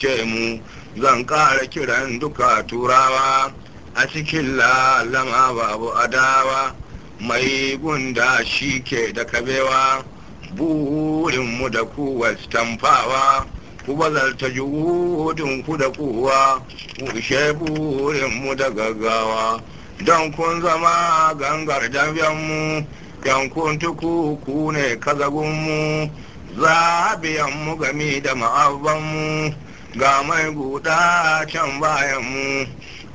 ce mu zan ƙara kiran duka turawa a cikin lalama babu adawa mai gunda shi ke da kabewa burinmu da kuwa stamfawa ku bazarta juhudinku da kuwa kushe burinmu da gaggawa don kun zama gangar dambiyanmu yankun tukuku ne kazagunmu mu gami da ma'abbanmu ga mai guda can bayan mu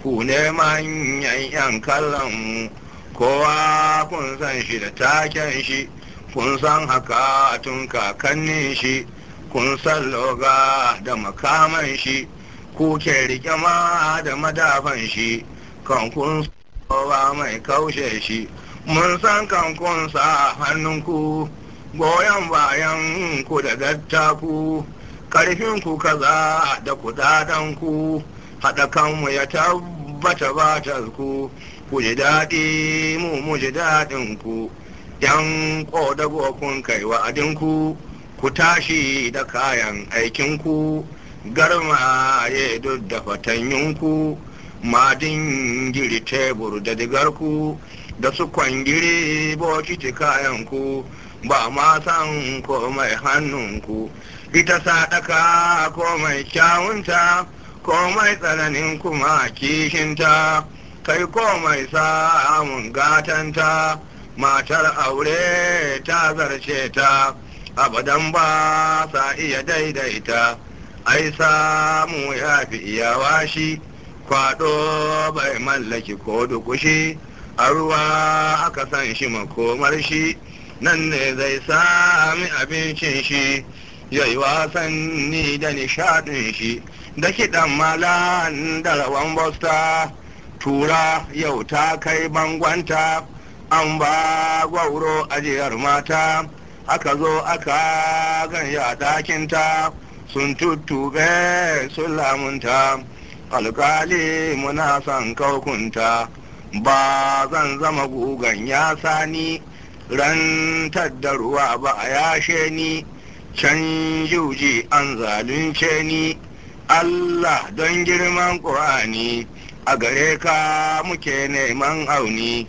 ku ne manyan yan kallon mu kowa kun san shi da taken shi kun san haka tun kakannin shi kun san loga da makaman shi ku ke rike ma da madafan shi kan kun ba mai kaushe shi mun san kan kun sa hannun goyon bayan ku da dattaku karfin ku kaza da ku ku, haɗa kanmu ya tabbata batarku ku ku ji daɗi mu mu ji ku. yan ƙodago kun kai wa'adinku ku ku tashi da kayan aikin ku, garma ya duk da ku, madin giri tebur da ku, da su kwangiri kayan ku, ba ma san hannun ku. ita sadaka ko mai kyawunta ko mai tsananin kuma kishinta kai ko mai samun gatanta matar aure ta zarce ta abadan ba sa iya daidaita ai samu ya fi iyawa shi kwado bai mallaki ko dukushi a ruwa aka san shi makomar shi nan ne zai sami abincin shi yayi wasan wasanni da nishaɗin shi da kiɗan malan da rawan bosta tura yau ta kai bangonta an ba gwauro ajiyar mata aka zo aka ganya ta, sun tuttuɓe sun lamunta alkali muna son kaukunta ba zan zama gugan ya sani rantar da ruwa ba a yashe ni can juji an zalunce ni Allah don girman ƙur'ani a gare ka muke neman auni